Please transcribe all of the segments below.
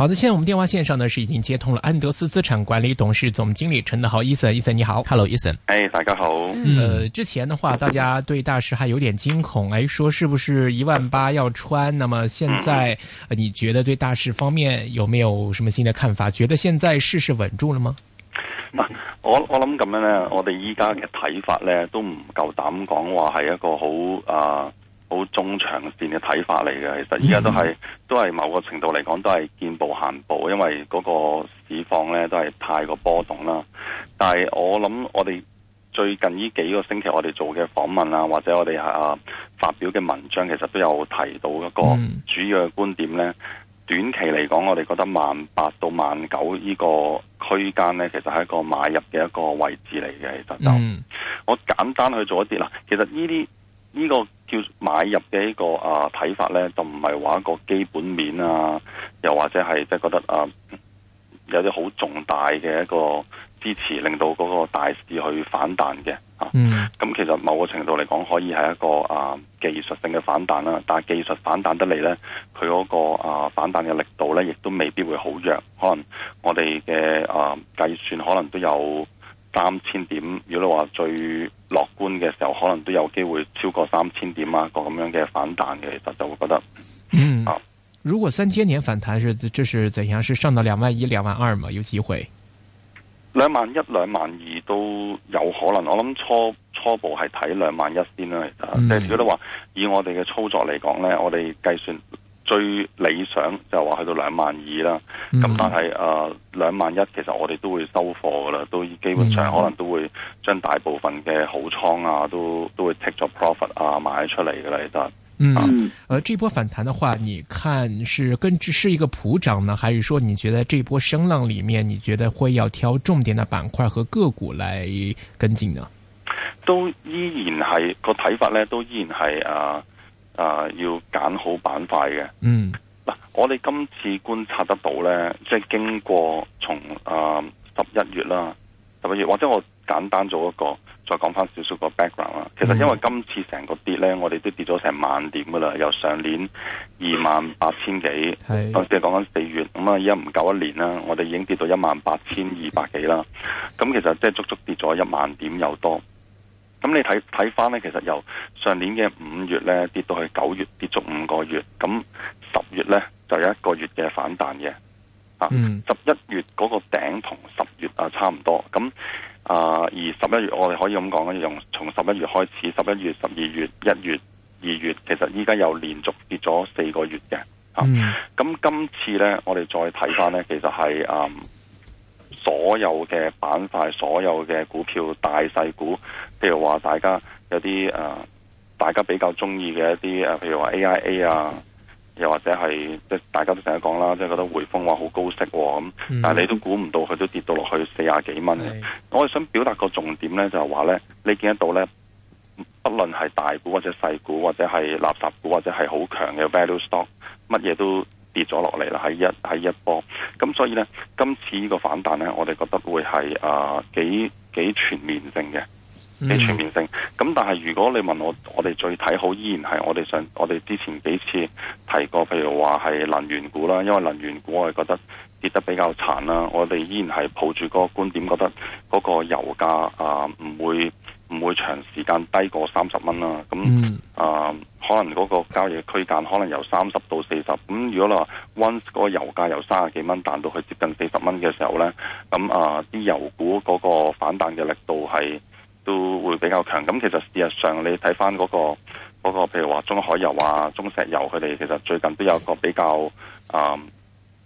好的，現在我們電話線上呢是已經接通了安德斯資產管理董事總經理陳德豪，Ethan，Ethan 你好，Hello，Ethan，哎、hey, 大家好，誒、嗯呃，之前的話，大家對大市還有點驚恐，哎 說是不是一萬八要穿，那麼現在、 呃、你覺得對大市方面有沒有什麼新的看法？覺得現在事市穩住了嗎？嗱， 我我諗咁樣呢我哋依家嘅睇法呢都唔夠膽講話係一個好啊。好中長線嘅睇法嚟嘅，其實依家都係都係某個程度嚟講都係見步行步，因為嗰個市況咧都係太過波動啦。但係我諗我哋最近呢幾個星期我哋做嘅訪問啊，或者我哋係、啊、發表嘅文章，其實都有提到一個主要嘅觀點咧。Mm. 短期嚟講，我哋覺得萬八到萬九呢個區間咧，其實係一個買入嘅一個位置嚟嘅。其實就、mm. 我簡單去做一啲啦，其實呢啲呢個。叫買入嘅一個啊睇法咧，就唔係話一個基本面啊，又或者係即係覺得啊有啲好重大嘅一個支持，令到嗰個大市去反彈嘅咁、啊嗯嗯、其實某個程度嚟講，可以係一個啊技術性嘅反彈啦。但係技術反彈得嚟咧，佢嗰、嗰個啊反彈嘅力度咧，亦都未必會好弱。可能我哋嘅啊計算可能都有三千點，如果你話最落般嘅時候，可能都有機會超過三千點啊個咁樣嘅反彈嘅，其實就會覺得，嗯啊，如果三千年反彈是，這是怎樣？是上到兩萬一、兩萬二嘛？有機會，兩萬一、兩萬二都有可能。我諗初初步係睇兩萬一先啦，即係如果話以我哋嘅操作嚟講呢，我哋計算。最理想就話去到兩萬二啦，咁、嗯、但係誒兩萬一其實我哋都會收貨噶啦，都基本上可能都會將大部分嘅好倉啊都都會 take 咗 profit 啊賣出嚟噶啦，而家。嗯，誒、啊呃，呢波反彈嘅話，你看是根治是一個普漲呢，還是說你覺得這波聲浪裏面，你覺得會要挑重點嘅板塊和個股嚟跟進呢？都依然係個睇法咧，都依然係啊。啊，要揀好板塊嘅。嗯，嗱、啊，我哋今次觀察得到咧，即係經過從啊十一月啦，十一月，或者我簡單做一個，再講翻少少個 background 啦、嗯。其實因為今次成個跌咧，我哋都跌咗成萬點噶啦。由上年二萬八千幾，當時即係講緊四月，咁啊而家唔夠一年啦，我哋已經跌到一萬八千二百幾啦。咁、 嗯、其實即係足足跌咗一萬點有多。咁你睇睇翻咧，其實由上年嘅五月咧跌到去九月，跌足五個月。咁十月咧就有一個月嘅反彈嘅。啊、嗯，十一月嗰個頂同十月啊差唔多。咁啊、呃，而十一月我哋可以咁講嘅就從十一月開始，十一月、十二月、一月、二月，其實依家又連續跌咗四個月嘅。啊、嗯，咁今次咧，我哋再睇翻咧，其實係啊。嗯所有嘅板塊、所有嘅股票、大細股，譬如話大家有啲、呃、大家比較中意嘅一啲誒，譬如話 AIA 啊，又或者係即係大家都成日講啦，即係覺得匯豐話好高息喎、哦、咁，但係你都估唔到佢都跌到落去四廿幾蚊嘅。我哋想表達個重點咧，就係話咧，你見得到咧，不論係大股或者細股，或者係垃圾股或者係好強嘅 value stock，乜嘢都，跌咗落嚟啦，喺一喺一波，咁所以呢，今次呢個反彈呢，我哋覺得會係誒幾幾全面性嘅，幾全面性。咁但係如果你問我，我哋最睇好依然係我哋上，我哋之前幾次提過，譬如話係能源股啦，因為能源股我哋覺得跌得比較慘啦，我哋依然係抱住嗰個觀點，覺得嗰個油價啊唔會。唔會長時間低過三十蚊啦，咁、嗯、啊，可能嗰個交易區間可能由三十到四十。咁如果你話，Once 嗰個油價由三十幾蚊彈到去接近四十蚊嘅時候呢，咁啊，啲油股嗰個反彈嘅力度係都會比較強。咁其實事實上，你睇翻嗰個嗰個，譬如話中海油啊、中石油佢哋，其實最近都有個比較啊、嗯、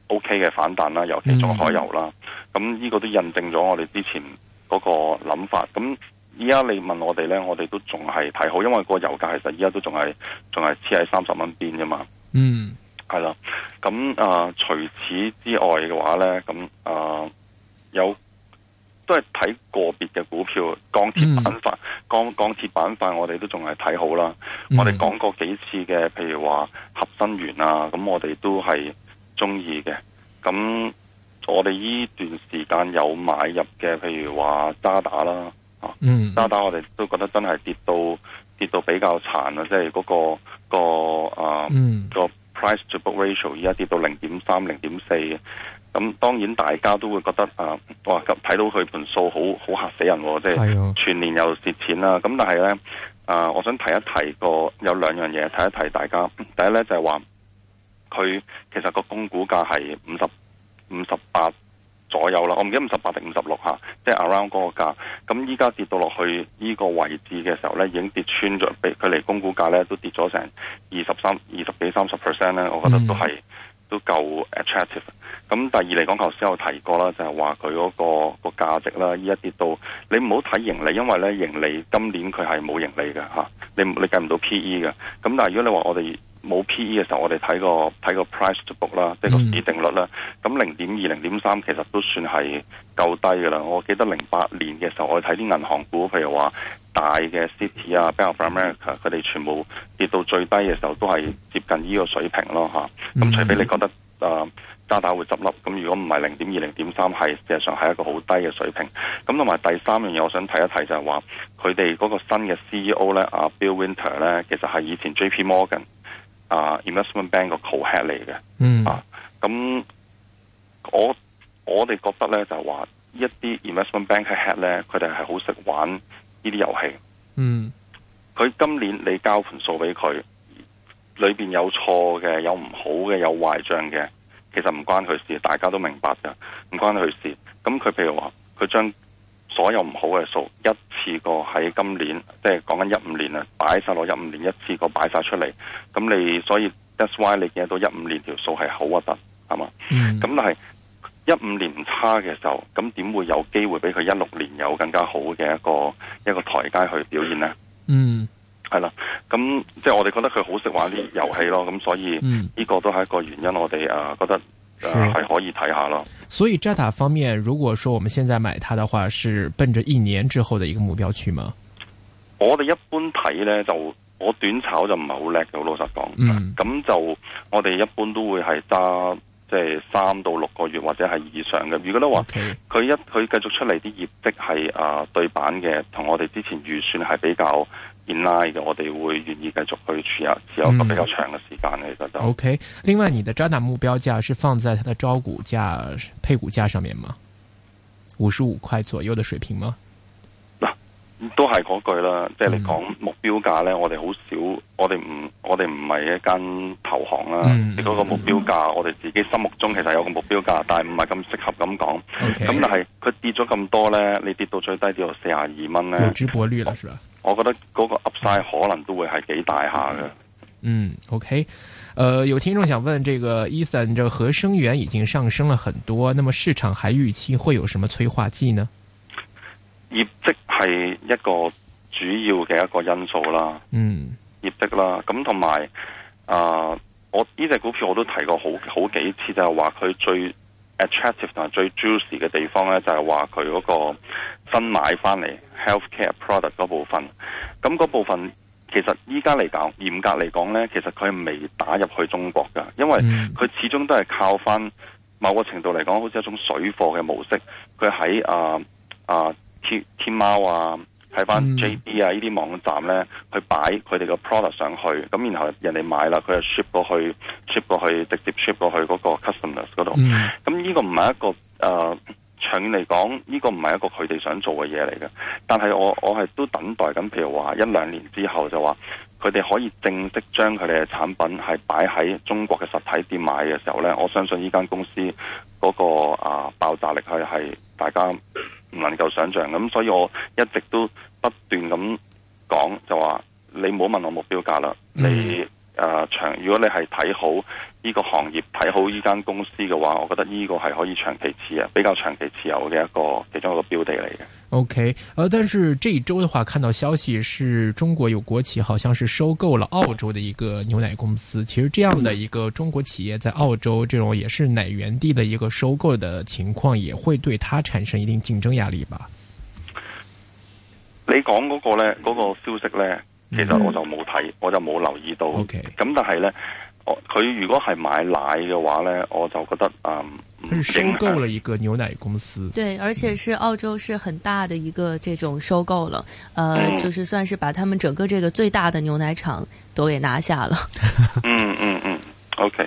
OK 嘅反彈啦，尤其中海油啦。咁、嗯、呢個都印證咗我哋之前嗰個諗法。咁依家你問我哋呢，我哋都仲係睇好，因為個油價其實依家都仲係仲係黐喺三十蚊邊啫嘛。嗯，係啦。咁啊、呃，除此之外嘅話呢，咁、呃、啊有都係睇個別嘅股票，鋼鐵板塊鋼鐵板塊我哋都仲係睇好啦、嗯。我哋講過幾次嘅，譬如話合生元啊，咁我哋都係中意嘅。咁我哋呢段時間有買入嘅，譬如話渣打啦。嗯，渣打我哋都覺得真係跌到跌到比較慘啊！即係嗰個、那個啊個、呃嗯、price to book ratio 而家跌到零點三零點四嘅，咁當然大家都會覺得啊、呃，哇！睇到佢盤數好好嚇死人，即、就、係、是、全年又蝕錢啦。咁但係咧，誒、呃，我想提一提個有兩樣嘢提一提大家。第一咧就係話佢其實個供股價係五十五十八。左右啦，我唔記得五十八定五十六嚇，即係 around 嗰個價。咁依家跌到落去依個位置嘅時候咧，已經跌穿咗，比佢離供股價咧都跌咗成二十三、二十幾、三十 percent 咧，我覺得都係都夠 attractive。咁、嗯、第二嚟講，頭先我才有提過啦，就係話佢嗰個個價值啦，依家跌到，你唔好睇盈利，因為咧盈利今年佢係冇盈利嘅嚇，你你計唔到 PE 嘅。咁但係如果你話我哋，冇 P/E 嘅時候，我哋睇個睇個 price-to-book 啦，即係個市定率啦。咁零點二、零點三其實都算係夠低嘅啦。我記得零八年嘅時候，我哋睇啲銀行股，譬如話大嘅 City 啊、Bank of America，佢哋全部跌到最低嘅時候，都係接近呢個水平咯吓，咁、嗯、除非你覺得誒、呃、渣打會執笠，咁如果唔係零點二、零點三，係事實上係一個好低嘅水平。咁同埋第三樣嘢，我想睇一睇就係話佢哋嗰個新嘅 CEO 咧，阿、啊、Bill Winter 咧，其實係以前 JP Morgan。啊、uh,，investment bank 個 co head 嚟嘅，啊、mm. uh,，咁我我哋覺得咧就係、是、話一啲 investment bank 嘅 head 咧，佢哋係好識玩呢啲遊戲，嗯，佢今年你交盤數俾佢，裏邊有錯嘅，有唔好嘅，有壞賬嘅，其實唔關佢事，大家都明白㗎，唔關佢事，咁佢譬如話佢將。所有唔好嘅數一次過喺今年，即係講緊一五年啊，擺晒落一五年，一次過擺晒出嚟。咁你所以 that's why 你見到一五年條數係好核突，係嘛？咁、嗯、但係一五年唔差嘅時候，咁點會有機會俾佢一六年有更加好嘅一個一個台階去表現呢？嗯，係啦。咁即係我哋覺得佢好識玩啲遊戲咯。咁所以呢個都係一個原因我，我哋啊覺得。係可以睇下咯。所以渣打方面，如果說我們現在買它的話，是奔着一年之後的一個目標去嗎？我哋一般睇呢，就我短炒就唔係好叻嘅，我老實講。嗯，咁就我哋一般都會係揸即係三到六個月或者係以上嘅。如果都話佢一佢繼續出嚟啲業績係啊對版嘅，同我哋之前預算係比較。現拉嘅，我哋會願意繼，繼續去持有，持有一個比較長嘅時間咧，就 O K。Okay. 另外，你的渣打目標價是放在它的招股價、配股價上面嗎？五十五塊左右的水平嗎？嗱，都係嗰句啦，即係你講目標價咧，我哋好少，我哋唔，我哋唔係一間投行啦。嗰、嗯、個目標價，我哋自己心目中其實有個目標價，嗯、但係唔係咁適合咁講。咁、okay. 但係佢跌咗咁多咧，你跌到最低跌到四十二蚊咧，估值過率啦。我覺得嗰個 Upside 可能都會係幾大下嘅。嗯，OK，誒、呃，有聽眾想問，這個 Ethan 就合生元已經上升了很多，那麼市場還預期會有什麼催化劑呢？業績係一個主要嘅一個因素啦。嗯，業績啦，咁同埋啊，我呢隻股票我都提過好好幾次，就係話佢最。Attractive 同埋最 juicy 嘅地方咧，就係話佢嗰個新買翻嚟 healthcare product 嗰部分，咁嗰部分其實依家嚟講，嚴格嚟講咧，其實佢未打入去中國噶，因為佢始終都係靠翻某個程度嚟講，好似一種水貨嘅模式，佢喺、呃、啊啊天天貓啊。睇翻 J.D. 啊，呢啲網站咧，去擺佢哋個 product 上去，咁然後人哋買啦，佢就 ship 過去，ship 過去，直接 ship 過去嗰個 customers 嗰度。咁、嗯、呢個唔係一個誒、呃、長遠嚟講，呢、呢個唔係一個佢哋想做嘅嘢嚟嘅。但係我我係都等待緊，譬如話一兩年之後就話佢哋可以正式將佢哋嘅產品係擺喺中國嘅實體店買嘅時候咧，我相信呢間公司嗰、嗰個啊、呃、爆炸力係係大家。唔能夠想象，咁，所以我一直都不斷咁講，就話：“你唔好問我目標價啦。”你。誒，長如果你係睇好呢個行業，睇好呢間公司嘅話，我覺得呢個係可以長期持有，比較長期持有嘅一個其中一個標的嚟嘅。OK，但是呢一周嘅話，看到消息是中國有國企，好像是收購了澳洲嘅一個牛奶公司。其實，這樣的一個中國企業在澳洲，這種也是奶源地的一個收購的情況，也會對它產生一定競爭壓力吧？你講嗰個呢？嗰個消息呢？其實我就冇睇、嗯，我就冇留意到。咁、okay. 但係咧，我佢如果係買奶嘅話咧，我就覺得誒，收、嗯、購了一個牛奶公司。對、嗯嗯，而且是澳洲是很大的一個這種收購了。誒、呃嗯，就是算是把他們整個這個最大的牛奶廠都給拿下了。嗯嗯嗯，OK。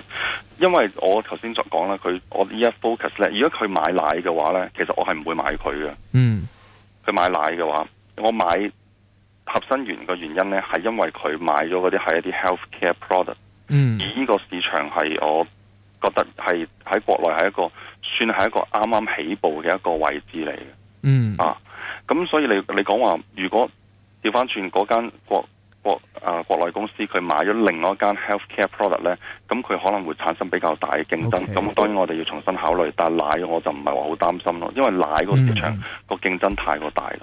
因為我頭先就講啦，佢我依家 focus 咧，如果佢買奶嘅話咧，其實我係唔會買佢嘅。嗯，佢買奶嘅話，我買。合生元嘅原因咧，係因為佢買咗嗰啲係一啲 healthcare product，嗯，而呢個市場係我覺得係喺國內係一個算係一個啱啱起步嘅一個位置嚟嘅，嗯啊，咁所以你你講話如果調翻轉嗰間國國誒、呃、國內公司佢買咗另外一間 healthcare product 咧，咁佢可能會產生比較大嘅競爭，咁、okay, 當然我哋要重新考慮，okay. 但係奶我就唔係話好擔心咯，因為奶個市場個競、嗯、爭太過大啦。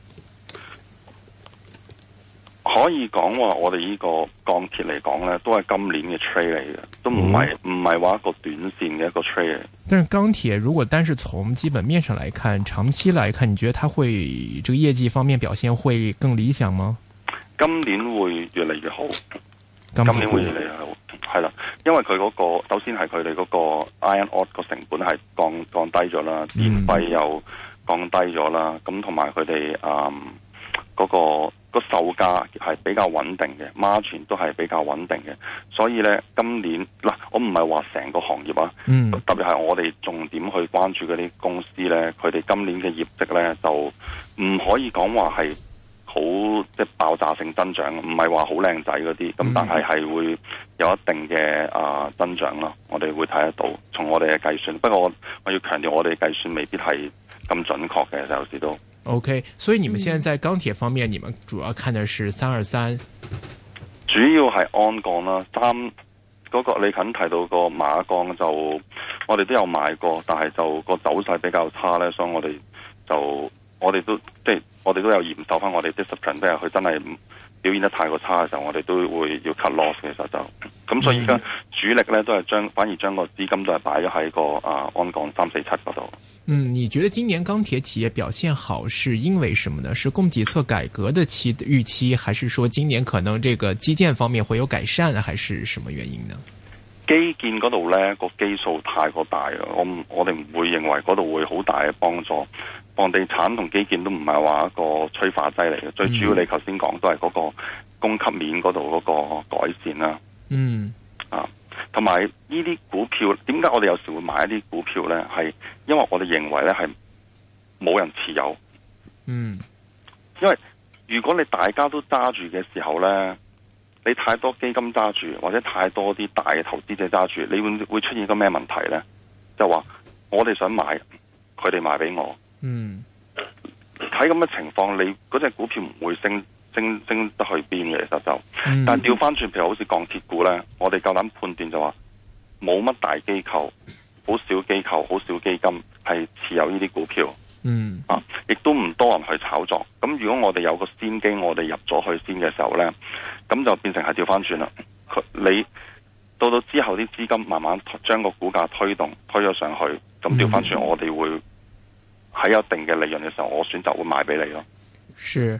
可以講話我哋呢個鋼鐵嚟講咧，都係今年嘅 trade 嚟嘅，都唔係唔係話一個短線嘅一個 trade 嚟嘅。但係鋼鐵如果單是從基本面上嚟看，長期嚟看，你覺得它會這個業績方面表現會更理想嗎？今年會越嚟越好，今年會越嚟越好係啦，因為佢嗰個，首先係佢哋嗰個 iron ore 個成本係降降低咗啦，電費又降低咗啦，咁同埋佢哋嗯。嗰、那個個售價係比較穩定嘅，孖存都係比較穩定嘅，所以咧今年嗱，我唔係話成個行業啊、嗯，特別係我哋重點去關注嗰啲公司咧，佢哋今年嘅業績咧就唔可以講話係好即係爆炸性增長，唔係話好靚仔嗰啲，咁、嗯、但係係會有一定嘅啊、呃、增長咯，我哋會睇得到，從我哋嘅計算。不過我要強調，我哋計算未必係咁準確嘅，就好似都。O.K.，所以你們現在在鋼鐵方面，嗯、你們主要看的是三二三，主要係鞍鋼啦。三嗰、那個你近提到個馬鋼就，我哋都有買過，但係就個走勢比較差咧，所以我哋就我哋都即係我哋都有研究翻我哋 discipline 即係佢真係表現得太過差嘅時候，我哋都會要 cut loss 其實就，咁所以依家主力咧都係將反而將個資金都係擺咗喺個啊鞍鋼三四七嗰度。嗯，你覺得今年鋼鐵企業表現好是因為什麼呢？是供給側改革的期預期，還是說今年可能這個基建方面會有改善，還是什麼原因呢？基建嗰度咧個基數太過大了，我我哋唔會認為嗰度會好大嘅幫助。房地產同基建都唔係話一個催化劑嚟嘅，最主要你頭先講都係嗰個供給面嗰度嗰個改善啦，啊。嗯，啊。同埋呢啲股票，點解我哋有時會買一啲股票呢？係因為我哋認為呢係冇人持有。嗯，因為如果你大家都揸住嘅時候呢，你太多基金揸住，或者太多啲大嘅投資者揸住，你會會出現個咩問題呢？就話我哋想買，佢哋賣俾我。嗯，睇咁嘅情況，你嗰隻股票唔會升。升升得去邊嘅，其實就，嗯、但係調翻轉，譬如好似鋼鐵股呢，我哋夠膽判斷就話，冇乜大機構，好少機構，好少基金係持有呢啲股票，嗯，亦、啊、都唔多人去炒作。咁如果我哋有個先機，我哋入咗去先嘅時候呢，咁就變成係調翻轉啦。佢你到到之後啲資金慢慢將個股價推動推咗上去，咁調翻轉我哋會喺一定嘅利潤嘅時候，我選擇會賣俾你咯。是。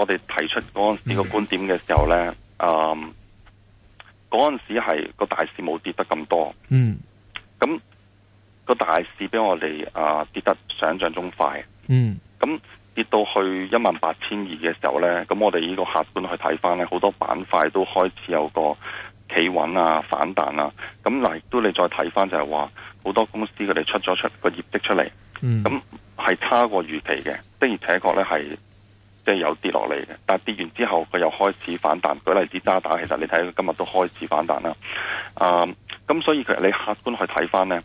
我哋提出嗰陣時個觀點嘅時候呢，okay. 嗯，嗰陣時係個大市冇跌得咁多，嗯、mm.，咁個大市比我哋啊、呃、跌得想象中快，嗯、mm.，咁跌到去一萬八千二嘅時候呢，咁我哋呢個客觀去睇翻呢，好多板塊都開始有個企穩啊反彈啊，咁嗱亦都你再睇翻就係話，好多公司佢哋出咗出個業績出嚟，咁、mm. 係差過預期嘅，的而且確呢係。即係有跌落嚟嘅，但跌完之後佢又開始反彈。舉例子，渣打，其實你睇佢今日都開始反彈啦。啊、呃，咁所以其實你客觀去睇翻呢，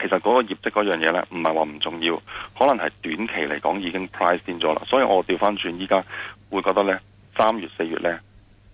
其實嗰個業績嗰樣嘢呢，唔係話唔重要，可能係短期嚟講已經 price 跌咗啦。所以我調翻轉依家會覺得呢，三月四月呢，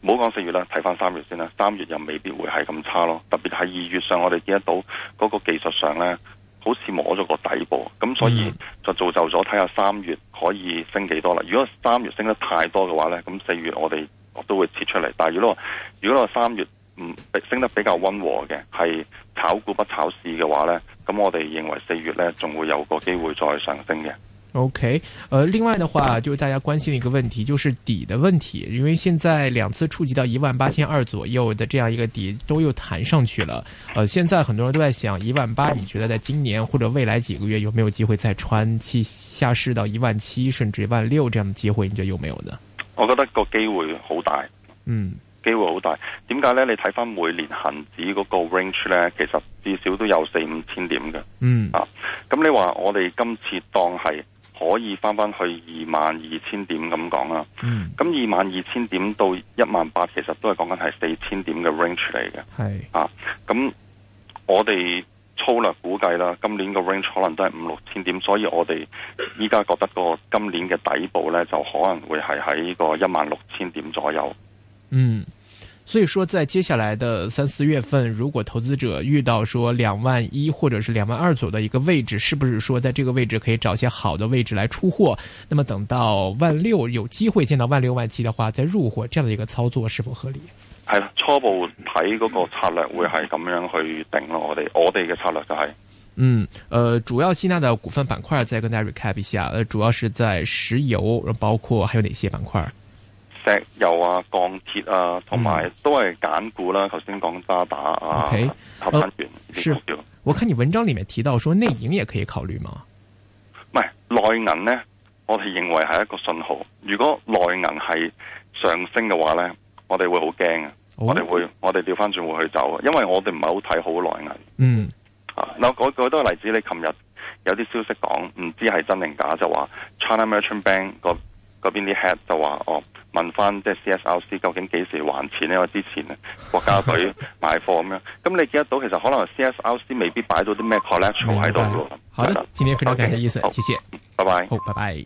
唔好講四月啦，睇翻三月先啦。三月又未必會係咁差咯。特別喺二月上，我哋見得到嗰個技術上呢，好似摸咗個底部，咁所以就造就咗睇下三月可以升幾多啦。如果三月升得太多嘅話呢，咁四月我哋都會撤出嚟。但係如果如果三月唔升得比較温和嘅，係炒股不炒市嘅話呢，咁我哋認為四月呢仲會有個機會再上升嘅。OK，呃，另外的話就大家關心的一個問題，就是底的問題，因為現在兩次觸及到一萬八千二左右的這樣一個底，都又彈上去了。呃，現在很多人都在想，一萬八，你覺得在今年或者未來幾個月有沒有機會再穿，去下市到一萬七甚至一萬六這樣的機會，你覺得有冇呢？我覺得個機會好大，嗯，機會好大。點解呢？你睇翻每年恒指嗰個 range 呢，其實至少都有四五千點嘅，嗯啊，咁你話我哋今次當係。可以翻翻去二萬二千點咁講啦，嗯，咁二萬二千點到一萬八，其實都係講緊係四千點嘅 range 嚟嘅。係啊，咁我哋粗略估計啦，今年個 range 可能都係五六千點，所以我哋依家覺得個今年嘅底部呢，就可能會係喺個一萬六千點左右。嗯。所以說，在接下來的三四月份，如果投資者遇到說兩萬一或者是兩萬二左右的一個位置，是不是說在這個位置可以找些好的位置來出貨？那麼等到萬六有機會見到萬六萬七的話再入貨，這樣的一個操作是否合理？係啦，初步睇嗰個策略會係咁樣去定咯。我哋我哋嘅策略就係、是，嗯，呃，主要吸納的股份板塊再跟大家 recap 一下，呃，主要是在石油，包括還有哪些板塊？石油啊、鋼鐵啊，同埋都係揀股啦。頭先講渣打啊，okay. uh, 合翻轉。是，我看你文章裏面提到說內銀也可以考慮嗎？唔係內銀呢，我哋認為係一個信號。如果內銀係上升嘅話呢，我哋會好驚啊！我哋會我哋調翻轉會去走，因為我哋唔係好睇好內銀。嗯，嗱、啊，我舉多個例子，你琴日有啲消息講，唔知係真定假，就話 China Merchant Bank 嗰邊啲 head 就話哦，問翻即係 CSRC 究竟幾時還錢呢？我之前啊國家隊買貨咁樣，咁 你記得到其實可能 CSRC 未必擺到啲咩 collateral 喺度咯。好的，的今天非常感謝 Ethan，okay. 謝謝，拜拜，bye bye. 好，拜拜。Bye bye.